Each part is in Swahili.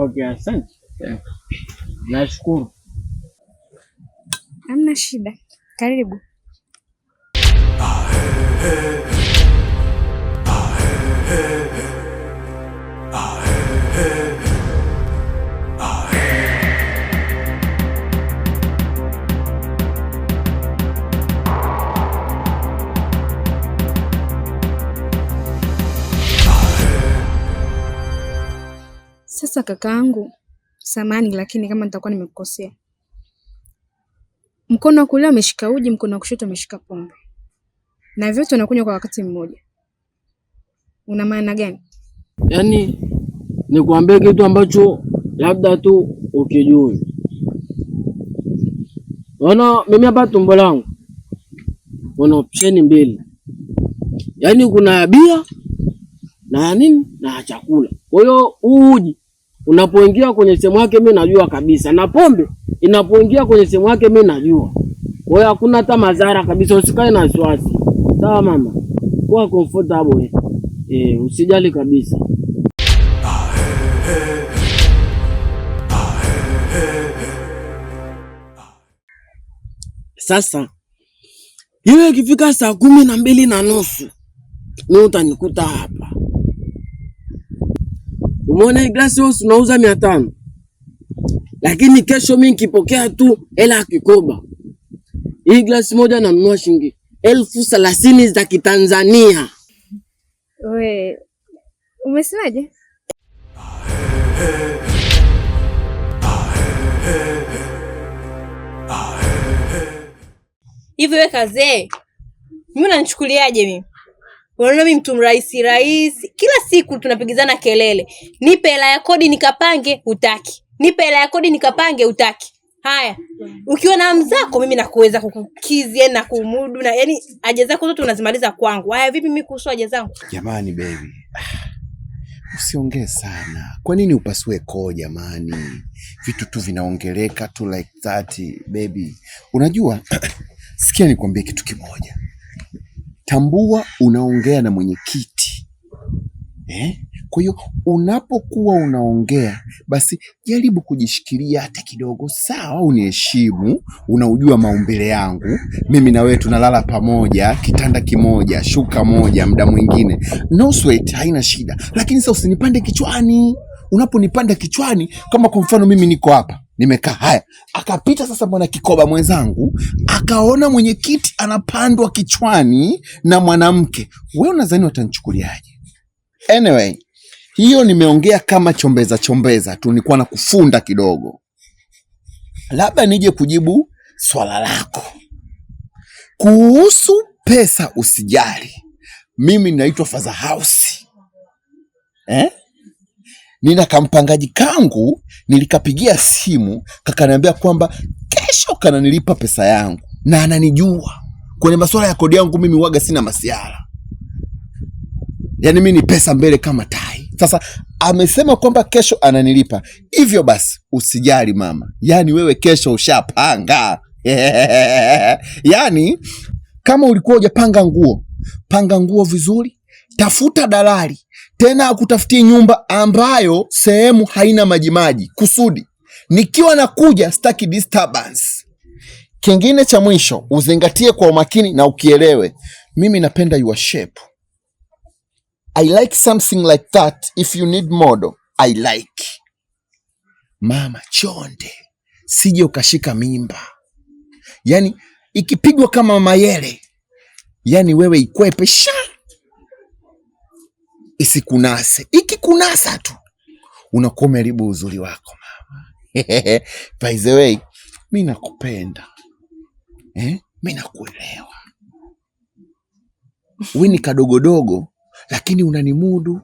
Okay, asante. Yeah. Nashukuru. Hamna shida. Karibu. Sasa kakaangu, samani lakini kama nitakuwa nimekukosea. Mkono wa kulia umeshika uji, mkono wa kushoto umeshika pombe, na vyote unakunywa kwa wakati mmoja. Una maana gani? Yaani nikuambie kitu ambacho labda tu ukijui. Ona mimi hapa tumbo langu kuna opsheni mbili, yaani kuna ya bia na ya nini na ya chakula. Kwa hiyo uji Unapoingia kwenye sehemu yake, mimi najua kabisa, na pombe inapoingia kwenye sehemu yake, mimi najua. Kwa hiyo hakuna hata madhara kabisa, usikae na wasiwasi. Sawa mama, kuwa comfortable eh, usijali kabisa. Sasa hiyo ikifika saa kumi na mbili na nusu mimi utanikuta hapa Umeona hii glasi wewe unauza mia tano, lakini kesho mimi nikipokea tu hela ya kikoba, hii glasi moja nanunua shilingi elfu thelathini za Kitanzania. We umesemaje? Hivi we kazee, mimi nanichukuliaje mimi? unaona mimi mtu mrahisi rahisi, kila siku tunapigizana kelele, nipe hela ya kodi nikapange, utaki, nipe hela ya kodi nikapange, utaki. Haya, ukiwa na mzako mimi nakuweza kukukizi yaani na kumudu na yani haja zako zote unazimaliza kwangu. Haya, vipi mimi kuhusu haja zangu? Jamani baby, usiongee sana. Kwa nini upasue koo jamani? Vitu tu vinaongeleka tu like that baby. Unajua, sikia nikwambie kitu kimoja tambua unaongea na mwenyekiti eh? Kwa hiyo unapokuwa unaongea basi jaribu kujishikilia hata kidogo, sawa? Uniheshimu, unaujua maumbile yangu, mimi na wewe tunalala pamoja, kitanda kimoja, shuka moja, muda mwingine no sweat, haina shida, lakini sasa usinipande kichwani. Unaponipanda kichwani, kama kwa mfano mimi niko hapa nimekaa haya. Akapita sasa mwana Kikoba mwenzangu, akaona mwenyekiti anapandwa kichwani na mwanamke. Wewe unadhani watanichukuliaje? Anyway, hiyo nimeongea kama chombeza chombeza tu, nilikuwa na kufunda kidogo. Labda nije kujibu swala lako kuhusu pesa. Usijali, mimi naitwa Father House eh? nina kampangaji kangu nilikapigia simu kakaniambia kwamba kesho kananilipa pesa yangu, na ananijua kwenye masuala ya kodi yangu. Mimi waga sina masiara, yaani mi ni pesa mbele kama tai. Sasa amesema kwamba kesho ananilipa, hivyo basi usijali mama, yaani wewe kesho ushapanga. Yaani kama ulikuwa hujapanga nguo, panga nguo vizuri, tafuta dalali tena akutafutie nyumba ambayo sehemu haina majimaji, kusudi nikiwa nakuja staki disturbance. Kingine cha mwisho uzingatie kwa umakini na ukielewe, mimi napenda your shape. I like something like that. If you need model, I like. Mama chonde, sije ukashika mimba, yaani ikipigwa kama mayele, yaani wewe ikwepe shaa isikunase. Ikikunasa tu unakuwa umeharibu uzuri wako mama. By the way, mi nakupenda eh? Mi nakuelewa we ni kadogodogo, lakini unanimudu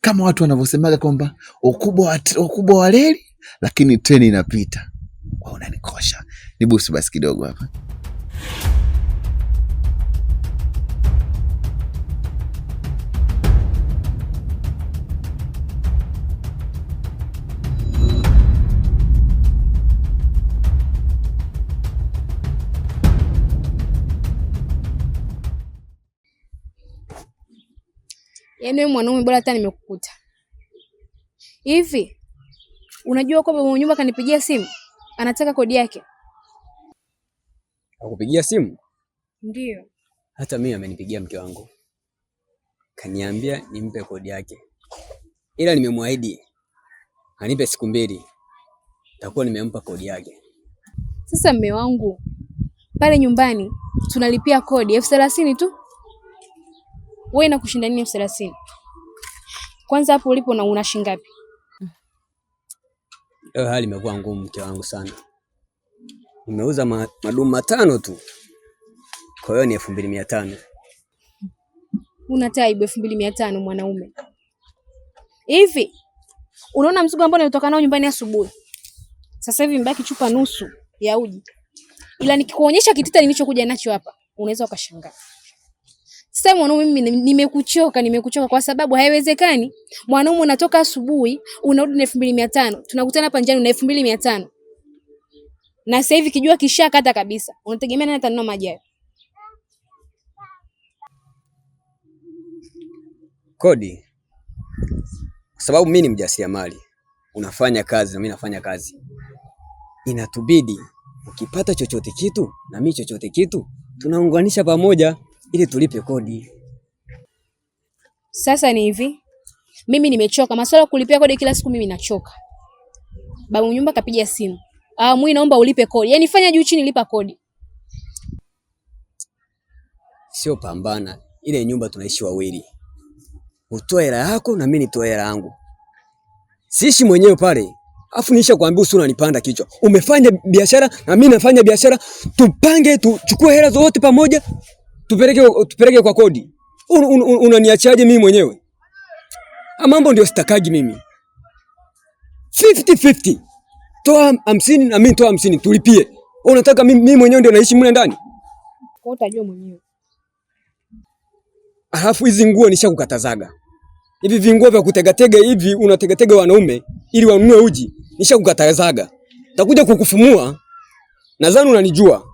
kama watu wanavyosemaga kwamba ukubwa wa reli, lakini treni inapita. Unanikosha, nibusu basi kidogo hapa. Yaani wewe mwanaume bora hata nimekukuta. Hivi unajua kwamba mwenye nyumba kanipigia simu anataka kodi yake. Akupigia simu? Ndiyo. Hata mimi amenipigia mke wangu, kaniambia nimpe kodi yake, ila nimemwahidi anipe siku mbili, takuwa nimempa kodi yake. Sasa mme wangu, pale nyumbani tunalipia kodi elfu thelathini tu wewe inakushinda nini elfu thelathini? Kwanza hapo ulipo na una shilingi ngapi? Leo hali imekuwa ngumu mke wangu sana. Nimeuza ma, madumu matano tu, kwa hiyo ni elfu mbili mia tano. Una taibu elfu mbili mia tano mwanaume? Hivi unaona mzigo ambao nilitoka nao nyumbani asubuhi, sasa hivi mbaki chupa nusu ya uji, ila nikikuonyesha kitita nilichokuja nacho hapa unaweza ukashangaa. Sasa mwanaume, mimi nimekuchoka, nimekuchoka kwa sababu haiwezekani mwanaume unatoka asubuhi unarudi na elfu mbili mia tano tunakutana hapa njiani na elfu mbili mia tano na sasa hivi kijua kata kabisa, unategemea nani atanunua maji hayo? Kodi, kwa sababu mimi ni mjasiriamali, unafanya kazi na mimi nafanya kazi, inatubidi ukipata chochote kitu na mimi chochote kitu tunaunganisha pamoja ili tulipe kodi. Sasa ni hivi, mimi nimechoka masuala ya kulipia kodi kila siku, mimi nachoka. Babu nyumba kapiga simu, ah, mwi naomba ulipe kodi. Yaani fanya juu chini, lipa kodi. Sio pambana, ile nyumba tunaishi wawili, utoe hela yako na mimi nitoe hela yangu, sisi mwenyewe pale Afu nisha kuambia usio unanipanda kichwa. Umefanya biashara na mimi nafanya biashara, tupange tuchukue hela zote pamoja, tupeleke, tupeleke kwa kodi. un, un, un, unaniachaje mimi mwenyewe? Ah, mambo ndio sitakaji mimi 50 50. Toa hamsini na mimi toa hamsini tulipie. Unataka mimi mwenyewe ndio naishi mle ndani? Kwa utajua mwenyewe. Alafu hizi nguo nishakukatazaga. Hivi vinguo vya kutegatega hivi unategatega wanaume ili wanunue uji. Nishakukatazaga. Takuja kukufumua. Nadhani unanijua.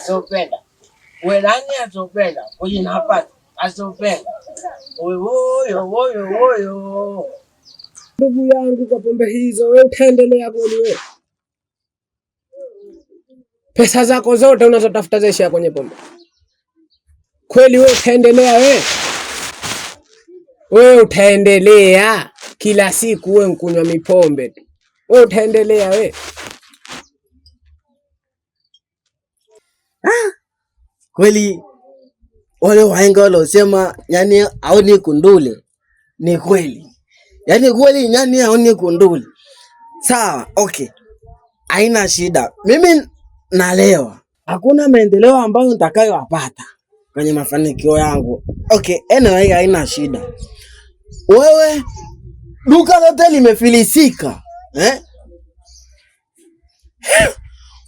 azopenda we nani asiopenda kujina hapana asiopenda woyo woyo woyo. Ndugu yangu, kwa pombe hizo we utaendelea kweli? We pesa zako zote unazotafuta zaishia kwenye pombe kweli? We utaendelea we we utaendelea kila siku we nkunywa mipombe tu, we utaendelea we Ah! kweli wale wahenga walosema yani aoni kunduli ni kweli, yani kweli nyani aoni kunduli. Sawa, okay, haina shida. Mimi nalewa, hakuna maendeleo ambayo nitakayoyapata kwenye mafanikio yangu. Okay, anyway, haina shida. Wewe duka lote limefilisika eh?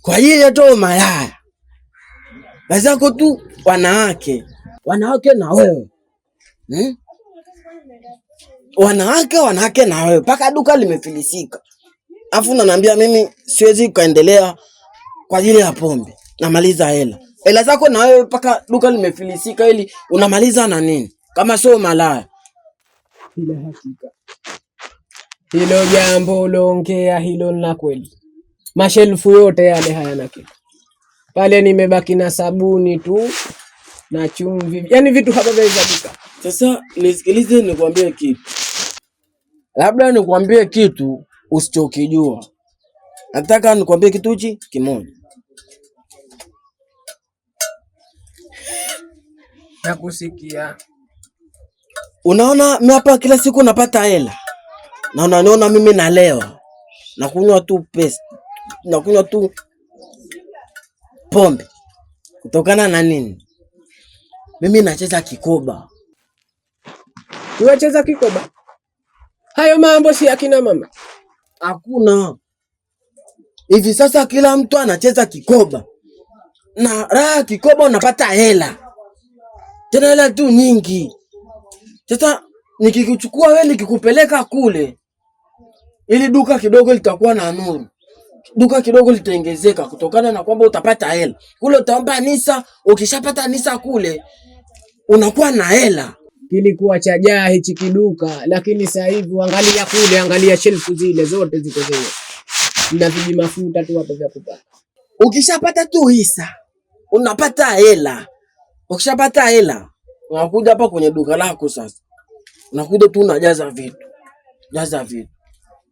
kwa hiyo yeto malaya wazako tu wanawake, wanawake na wewe hmm? wanawake wanawake na wewe mpaka duka limefilisika, afu nanaambia mimi siwezi kuendelea kwa ajili ya pombe, namaliza hela hela zako na wewe mpaka duka limefilisika, ili unamaliza na nini kama sio malaya? Bila hakika hilo jambo uloongea hilo na kweli, mashelfu yote yale hayana kitu pale nimebaki na sabuni tu na chumvi, yani vitu havijahesabika. Sasa nisikilize, nikwambie kitu, labda nikwambie kitu usichokijua. Nataka nikwambie kitu hichi kimoja. Nakusikia. Unaona mimi hapa kila siku napata hela na unaniona mimi nalewa, nakunywa tu pesa, nakunywa tu pombe. Kutokana na nini? Mimi nacheza kikoba. Unacheza kikoba? Hayo mambo si akina mama. Hakuna hivi sasa, kila mtu anacheza kikoba na raha kikoba, unapata hela tena hela tu nyingi. Sasa nikikuchukua wewe nikikupeleka kule, ili duka kidogo litakuwa na nuru duka kidogo litaongezeka kutokana na kwamba utapata hela kule, utaomba nisa. Ukishapata nisa kule unakuwa na hela. Kilikuwa cha jaa hichi kiduka, lakini sasa hivi angalia kule, angalia shelfu zile zote ziko zile na viji mafuta tu hapo vya kupaka. Ukishapata tu hisa unapata hela, ukishapata hela unakuja hapa kwenye duka lako sasa, unakuja tu unajaza vitu, jaza vitu,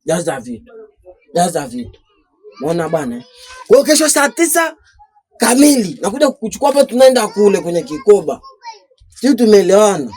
jaza vitu, jaza vitu Unaona bwana? Kwa hiyo kesho saa tisa kamili nakuja kukuchukua hapa, tunaenda kule kwenye Kikoba. Sisi tumeelewana.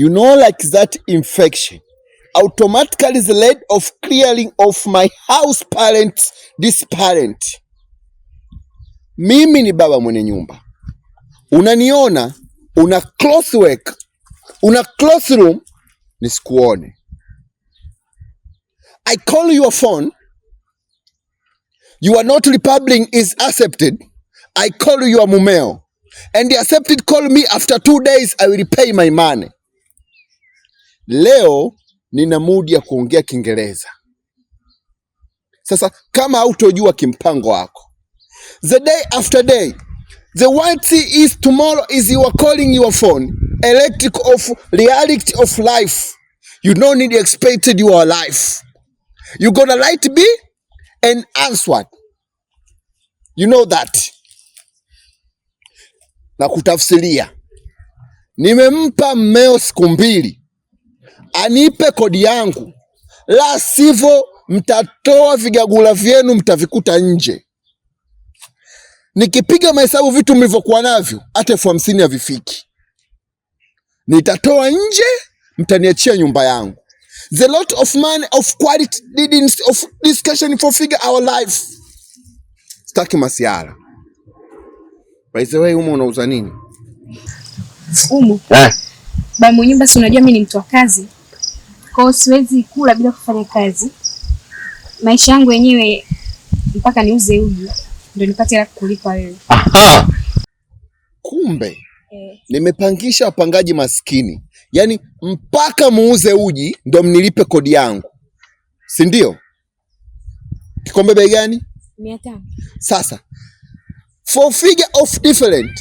you know, like that infection, automatically the lead of clearing of my house parent this parent. Mimi ni baba mwenye nyumba, unaniona una close work, una close room, nisikuone. I call your phone, you are not republing is accepted. I call your mumeo and the accepted call me after two days, I will repay my money leo nina mudi ya kuongea Kiingereza. Sasa kama hautojua kimpango wako, the day after day the one thing is tomorrow is you are calling your phone electric of reality of life you don't need expected your life you gonna light be and answer you know that na kutafsiria nimempa mmeo siku mbili anipe kodi yangu, la sivyo mtatoa vigagula vyenu mtavikuta nje. Nikipiga mahesabu vitu mlivyokuwa navyo hata elfu hamsini havifiki. Nitatoa nje, mtaniachia nyumba yangu. The lot of man of quality needs of discussion for figure our life. Staki masiara. By the way, umo unauza nini? Umu. Eh. Ba mwenyumba si unajua mimi ni mtu wa kazi. Kwa hiyo siwezi kula bila kufanya kazi. Maisha yangu yenyewe mpaka niuze uji ndio nipate hela kulipa wewe. Aha. Kumbe eh, nimepangisha wapangaji maskini, yaani mpaka muuze uji ndio mnilipe kodi yangu, si ndio? Kikombe bei gani? mia tano. Sasa for figure of different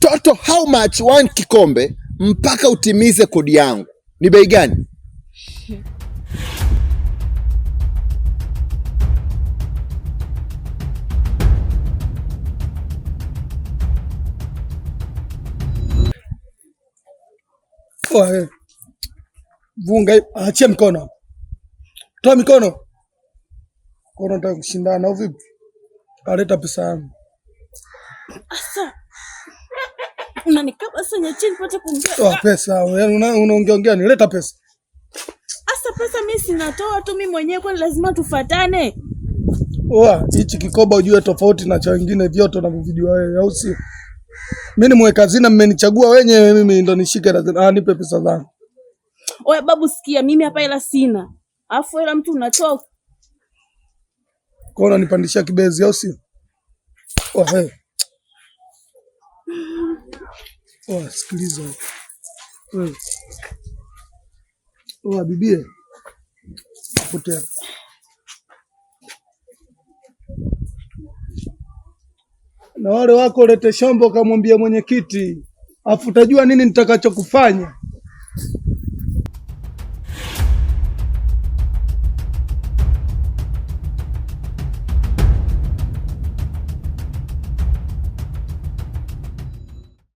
total how much one kikombe mpaka utimize kodi yangu ni bei gani? Wewe eh, vunga, achia mikono, toa mikono. Kono nataka kushindana au vipi? aleta pesa yangu. Toa pesa, unaongea ongea, nileta pesa. Asa pesa mimi sinatoa tu mimi mwenyewe, kwani lazima tufuatane? Hichi kikoba ujue tofauti na cha wengine vyote unavyovijua wewe, au sio? Mimi ni mweka hazina, mmenichagua wenyewe, mimi ndo nishike hazina, ah, nipe pesa zangu. Oya babu, sikia, mimi hapa hela sina, alafu hela mtu unatoka kwa unanipandishia kibezi, au sio? Oh, oh, sikiliza oh, bibie, potea na wale wako ulete shombo, kamwambia mwenyekiti, afu utajua nini nitakachokufanya.